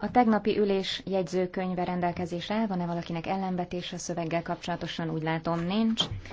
A tegnapi ülés jegyzőkönyve rendelkezésre áll, van-e valakinek ellenvetése a szöveggel kapcsolatosan? Úgy látom, nincs.